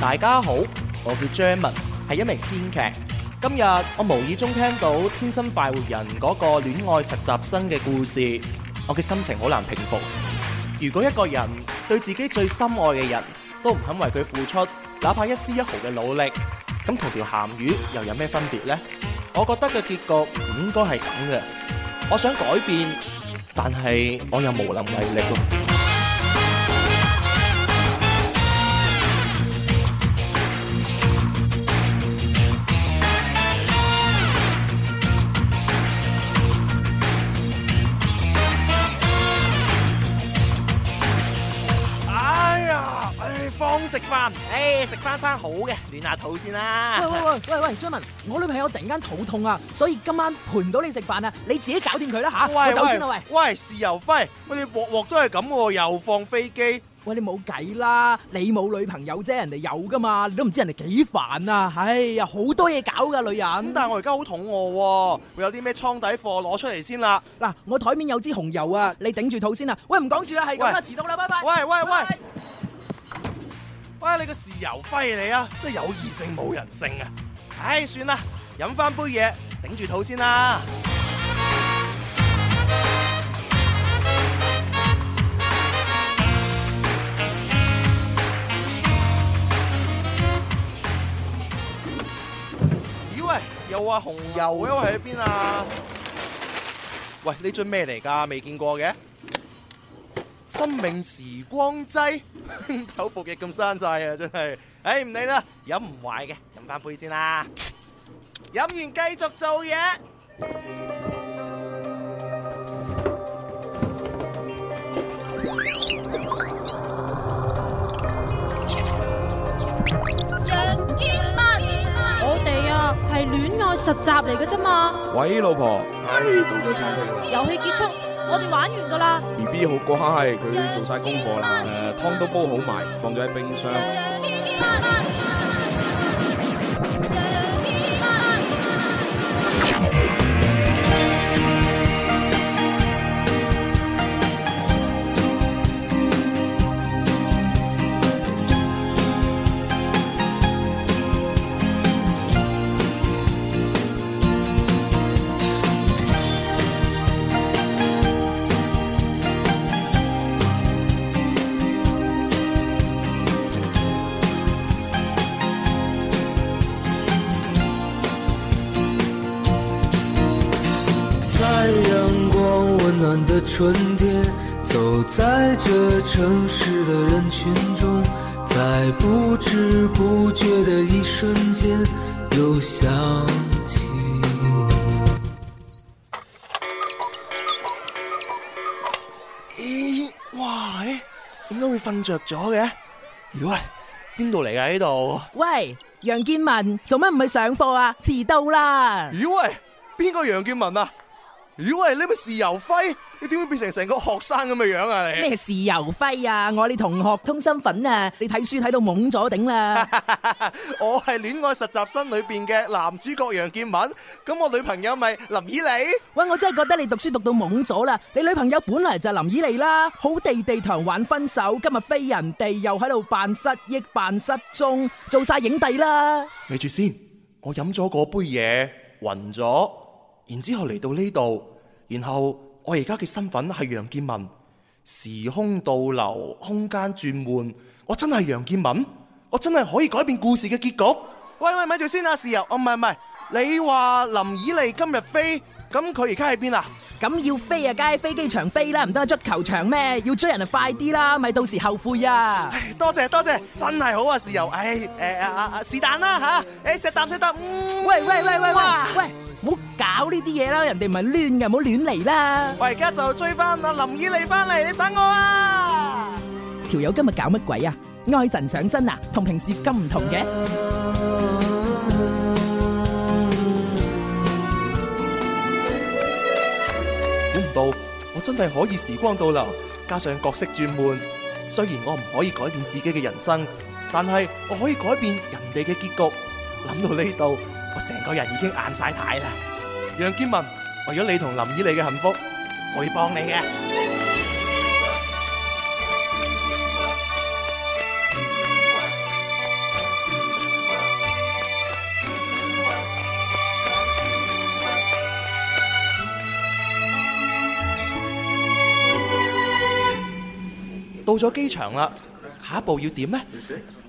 大家好，我叫 Jermin，係一名編劇。今日我無意中聽到《天生快活人》嗰個戀愛實習生嘅故事，我嘅心情好難平復。如果一個人對自己最心愛嘅人都唔肯為佢付出，哪怕一絲一毫嘅努力，咁同條鹹魚又有咩分別呢？我覺得嘅結局唔應該係咁嘅。我想改變，但係我又無能為力。食翻餐好嘅，暖下肚先啦。喂喂喂 喂喂建文，我女朋友突然間肚痛啊，所以今晚陪唔到你食飯啊，你自己搞掂佢啦吓。喂，先走先啦喂，喂。喂，豉油輝，你鑊鑊都係咁，又放飛機，喂你冇計啦，你冇女朋友啫，人哋有噶嘛，你都唔知人哋幾煩啊，哎呀，好多嘢搞噶女人。但係我而家好肚餓喎，會有啲咩倉底貨攞出嚟先啦。嗱，我台面有支紅油啊，你頂住肚先啊。喂，唔講住啦，係咁啦，遲到啦，拜拜。喂喂喂拜拜。關、哎、你個豉油輝你啊！真係有異性冇人性啊！唉、哎，算啦，飲翻杯嘢，頂住肚先啦。咦、哎、喂，又話紅油，喺邊啊？喂，呢樽咩嚟噶？未見過嘅。生命時光劑，口服液咁山寨啊！真係，哎，唔理啦，飲唔壞嘅，飲翻杯先啦。飲完繼續做嘢。楊建文，我哋啊係戀愛實習嚟嘅啫嘛。喂，老婆，係，到咗餐廳啦。遊戲結束。我哋玩完噶啦，B B 好乖，佢做晒功課啦，誒，湯都煲好埋，放咗喺冰箱。寶寶走在這城市的人群中，在不知不覺的一瞬間，又想起你。咦？哇！哎，點解會瞓着咗嘅？咦喂，邊度嚟噶？呢度？喂，楊建文，做乜唔去上課啊？遲到啦！咦喂，邊個楊建文啊？如果係你咪豉油輝，你點會變成成個學生咁嘅樣。什麼事啊，啊？你咩豉油輝啊？ 我哋同學通心粉啊！你睇書睇到懵咗頂啦！我係戀愛實習生裏邊嘅男主角楊建文，咁我女朋友咪林綺麗。喂，我真係覺得你讀書讀到懵咗啦！你女朋友本嚟就是林綺麗啦，好地地堂玩分手，今日飛人哋又喺度扮失憶扮失蹤，做晒影帝啦！你住先，我飲咗嗰杯嘢，暈咗，然之後嚟到呢度。然後我而家嘅身份係楊建文，時空倒流，空間轉換，我真係楊建文，我真係可以改變故事嘅結局。喂喂，咪住先啊，豉油，唔係唔係，你話林綺麗今日飛，咁佢而家喺邊啊？咁要飛啊，梗係飛機場飛啦，唔得喺足球場咩？要追人就快啲啦，咪到時後悔啊！多謝多謝，真係好啊，豉油，唉，誒啊啊啊，是但啦吓，誒，石擔石擔，嗯，喂喂喂喂喂。唔好搞呢啲嘢啦，人哋唔係亂嘅，唔好亂嚟啦。我而家就追翻阿林綺麗翻嚟，你等我啊！條友今日搞乜鬼啊？愛神上身啊，同平時咁唔同嘅。估唔到，我真係可以時光倒流，加上角色轉換。雖然我唔可以改變自己嘅人生，但係我可以改變人哋嘅結局。諗到呢度。我成個人已經硬曬軚啦！楊建文，為咗你同林綺麗嘅幸福，我會幫你嘅。到咗機場啦，下一步要點呢？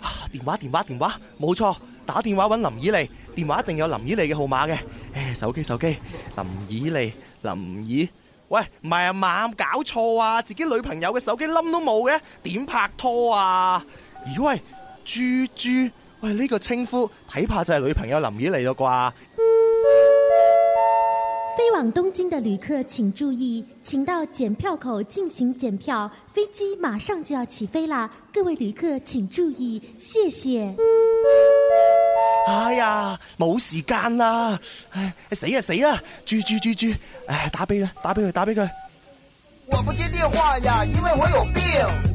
啊，電話電話電話，冇錯，打電話揾林綺麗。電話一定有林綺麗嘅號碼嘅，唉，手機手機，林綺麗，林以。喂，唔係啊，猛搞錯啊，自己女朋友嘅手機冧都冇嘅，點拍拖啊？咦喂，豬豬，喂呢個稱呼睇怕就係女朋友林綺麗咯啩。飛往東京的旅客請注意，請到檢票口進行檢票，飛機馬上就要起飛啦，各位旅客請注意，謝謝。哎呀，冇時間啦！唉，死啊死啊！豬豬豬豬，唉，打俾佢，打俾佢，打俾佢。我不接電話呀，因為我有病。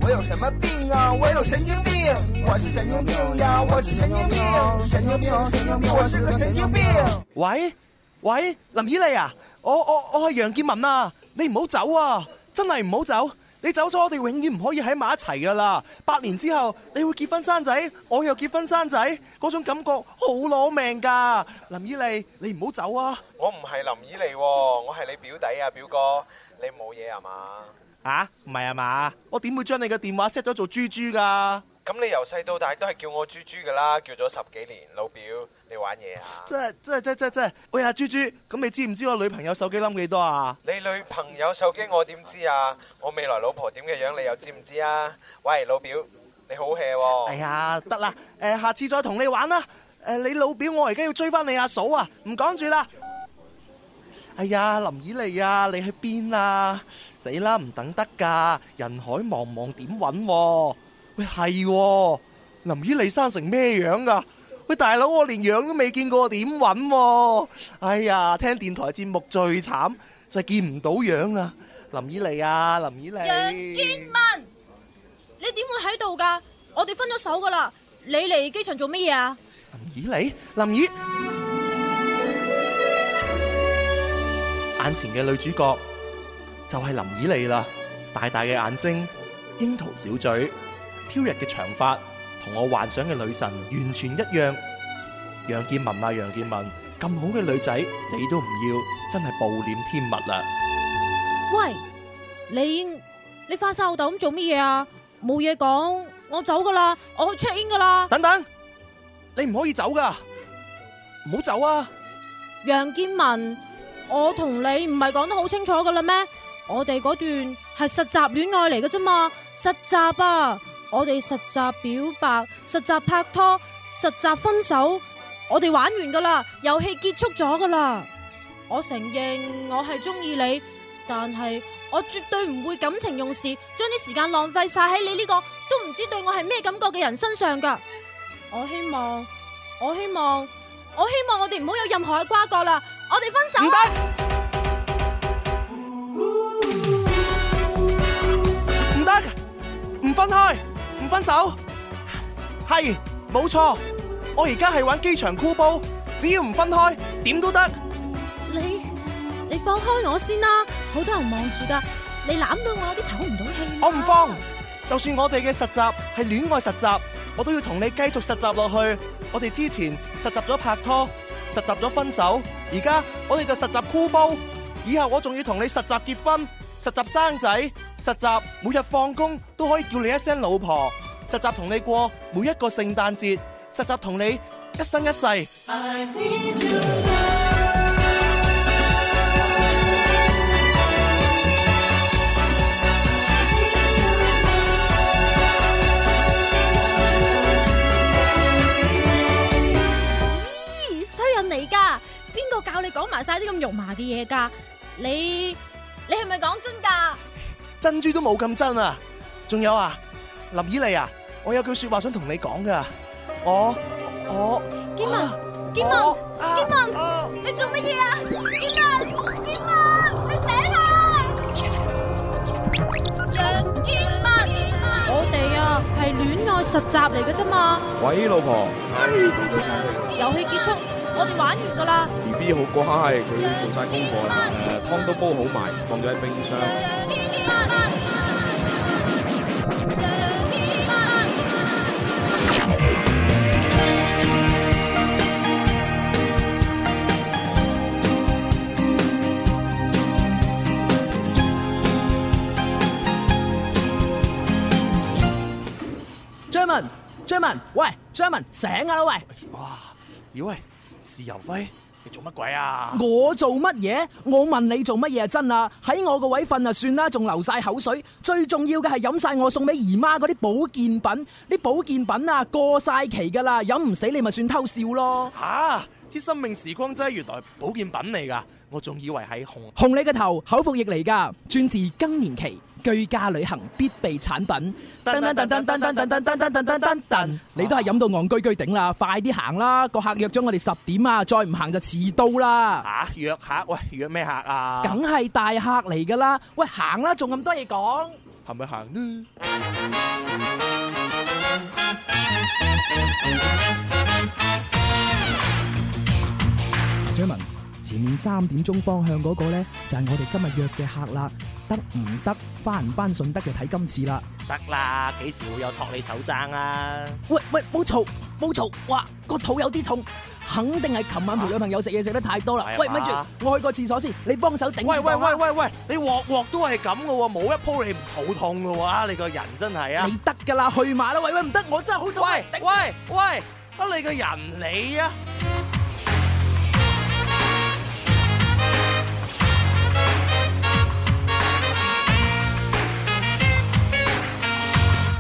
我有什麼病啊？我有神經病。我是神經病呀！我是神經病，神經病，神經病，我是個神經病。喂喂，林綺麗啊，我我我係楊建文啊，你唔好走啊，真係唔好走。你走咗，我哋永遠唔可以喺埋一齊噶啦！八年之後你會結婚生仔，我又結婚生仔，嗰種感覺好攞命噶！林綺麗，你唔好走啊！我唔係林綺麗喎，哦，我係你表弟啊，表哥，你冇嘢啊嘛？啊，唔係啊嘛？我點會將你嘅電話 set 咗做豬豬噶？咁你由細到大都係叫我豬豬噶啦，叫咗十幾年，老表。玩嘢啊！真係真係真係真係喂啊！豬豬，咁你知唔知我女朋友手機冧幾多啊？你女朋友手機我點知啊？我未來老婆點嘅樣你又知唔知啊？喂，老表，你好 hea 喎！哎呀，得啦誒，下次再同你玩啦誒！你老表，我而家要追翻你阿嫂啊！唔講住啦！哎呀，林綺麗啊，你去邊啊？死啦！唔等得噶！人海茫茫點搵？喂，係林綺麗生成咩樣噶？喂，大佬，我連樣都未見過，點搵啊？哎呀，聽電台節目最慘就係見唔到樣啊！林綺麗啊，林綺麗。楊建文，你點會喺度噶？我哋分咗手噶啦！你嚟機場做乜嘢啊？林綺麗，林綺，眼前嘅女主角就係林綺麗啦！大大嘅眼睛，櫻桃小嘴，飄逸嘅長髮。同我幻想嘅女神完全一樣，楊建文啊，楊建文咁好嘅女仔你都唔要，真係暴殄天物啦！喂，你你發晒我豆咁做乜嘢啊？冇嘢講，我走噶啦，我去 check in 噶啦。等等，你唔可以走噶，唔好走啊！楊建文，我同你唔係講得好清楚噶啦咩？我哋嗰段係實習戀愛嚟噶啫嘛，實習啊！我哋實習表白、實習拍拖、實習分手，我哋玩完噶啦，遊戲結束咗噶啦。我承認我係中意你，但係我絕對唔會感情用事，將啲時間浪費晒喺你呢個都唔知對我係咩感覺嘅人身上噶。我希望，我希望，我希望我哋唔好有任何嘅瓜葛啦，我哋分手。分手係冇錯，我而家係玩機場箍煲，只要唔分開，點都得。你你放開我先啦，好多人望住㗎，你攬到我有啲唞唔到氣。我唔放，就算我哋嘅實習係戀愛實習，我都要同你繼續實習落去。我哋之前實習咗拍拖，實習咗分手，而家我哋就實習箍煲，以後我仲要同你實習結婚。實習生仔，實習每日放工都可以叫你一聲老婆，實習同你過每一個聖誕節，實習同你一生一世。I need you。咦，衰人嚟㗎？邊個教你講埋晒啲咁肉麻嘅嘢㗎？你？你係咪講真噶？珍珠都冇咁真啊！仲有啊，林綺麗啊，我有句說話想同你講噶，我我建文建、啊、文建、啊、文、啊，你做乜嘢啊？建、啊、文建文，你醒下！楊建文，文，文，我哋啊係戀愛實習嚟嘅啫嘛。喂，老婆，哎，到咗餐廳啦。遊戲結束，我哋玩完噶啦。啲好乖，佢做曬功課啦，湯都煲好埋，放咗喺冰箱。張文，張文，喂，張文醒下啦喂！哇，咦喂，是尤輝？你做乜鬼啊！我做乜嘢？我問你做乜嘢真啊，喺我個位瞓啊，算啦，仲流晒口水。最重要嘅係飲晒我送俾姨媽嗰啲保健品，啲保健品啊過晒期噶啦，飲唔死你咪算偷笑咯。吓、啊，啲生命時光劑原來保健品嚟噶，我仲以為係紅紅你個頭口服液嚟噶，專治更年期。居家旅行必備產品，噔噔噔噔噔噔噔噔噔噔噔噔，你都係飲到戇居居頂啦！快啲行啦，個客約咗我哋十點啊，再唔行就遲到啦！嚇、啊，約客，喂，約咩客啊？梗係大客嚟㗎啦！喂，行啦，仲咁多嘢講，係咪行呢？ 前面三點鐘方向嗰個咧，就係、是、我哋今日約嘅客啦，得唔得翻，唔翻順德就睇今次啦？得啦，幾時會有托你手踭啊？喂喂，冇嘈冇嘈，哇個肚有啲痛，肯定係琴晚陪女朋友食嘢食得太多啦。喂，咪住，我去個廁所先，你幫手頂。喂喂喂喂喂，你鑊鑊都係咁嘅喎，冇一鋪你唔肚痛嘅喎，你個人真係啊！你得噶啦，去馬啦！喂喂，唔得，我真係好痛！喂喂喂，得你個人你啊！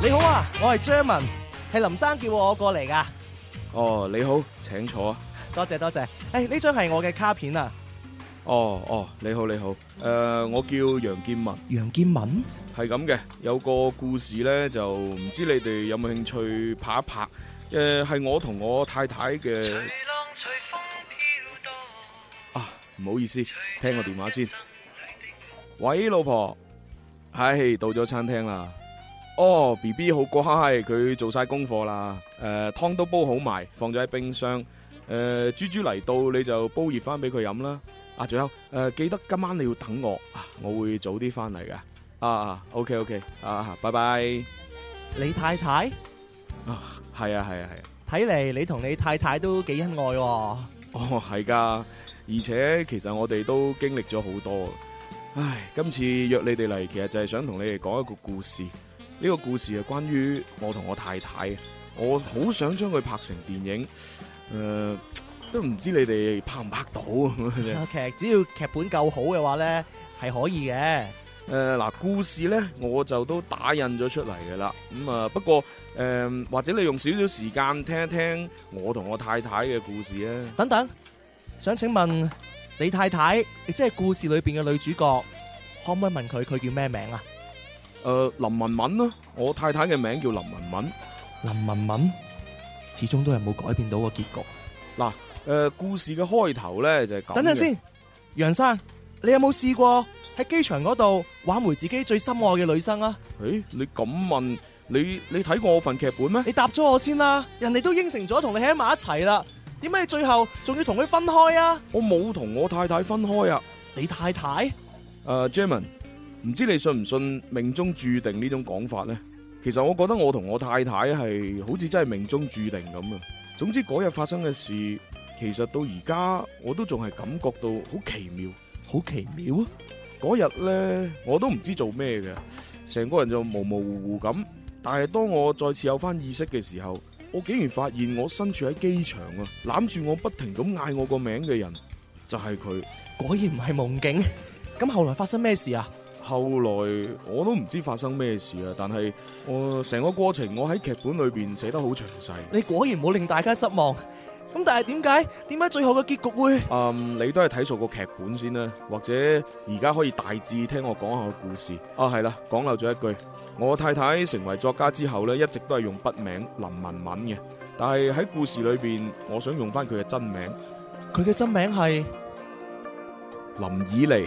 你好啊，我係張文，係林生叫我過嚟噶。哦，你好，請坐啊。多謝多謝。誒、哎，呢張係我嘅卡片啊。哦哦，你好你好。誒、呃，我叫楊建文。楊建文？係咁嘅，有個故事咧，就唔知你哋有冇興趣拍一拍。誒、呃，係我同我太太嘅。啊，唔好意思，聽個電話先。喂，老婆，嗨、哎，到咗餐廳啦。哦，B B 好乖，佢做晒功課啦。誒，湯都煲好埋，放咗喺冰箱。誒，豬豬嚟到你就煲熱翻俾佢飲啦。啊，仲有誒，記得今晚你要等我，我會早啲翻嚟嘅。啊，OK OK，啊，拜拜。你太太？啊，係啊係啊係。睇嚟你同你太太都幾恩愛喎。哦，係噶，而且其實我哋都經歷咗好多。唉，今次約你哋嚟，其實就係想同你哋講一個故事。呢、這個故事係關於我同我太太，我好想將佢拍成電影，誒、呃、都唔知你哋拍唔拍到？劇只要劇本夠好嘅話呢係可以嘅。誒、呃、嗱，故事呢，我就都打印咗出嚟嘅啦。咁啊，不過誒、呃、或者你用少少時間聽一聽我同我太太嘅故事啊。等等，想請問你太太，即係故事裏邊嘅女主角，可唔可以問佢佢叫咩名啊？誒、呃，林文文咯，我太太嘅名叫林文文。林文文始終都係冇改變到個結局。嗱，誒，故事嘅開頭咧就係、是、咁。等陣先，楊生，你有冇試過喺機場嗰度挽回自己最心愛嘅女生啊？誒、哎，你咁問，你你睇過我份劇本咩？你答咗我先啦、啊，人哋都應承咗同你喺埋一齊啦，點解你最後仲要同佢分開啊？我冇同我太太分開啊，你太太？誒 Jasmine 唔知你信唔信命中注定呢種講法呢？其實我覺得我同我太太係好似真係命中注定咁啊。總之嗰日發生嘅事，其實到而家我都仲係感覺到好奇妙，好奇妙啊！嗰日呢，我都唔知做咩嘅，成個人就模模糊糊咁。但係當我再次有翻意識嘅時候，我竟然發現我身處喺機場啊！攬住我不停咁嗌我個名嘅人就係佢，果然唔係夢境。咁後來發生咩事啊？後來我都唔知發生咩事啊，但係我成個過程我喺劇本裏邊寫得好詳細。你果然冇令大家失望，咁但係點解？點解最後嘅結局會？嗯，你都係睇熟個劇本先啦，或者而家可以大致聽我講下個故事。啊，係啦，講漏咗一句，我太太成為作家之後咧，一直都係用筆名林文文嘅，但係喺故事裏邊，我想用翻佢嘅真名，佢嘅真名係林綺麗。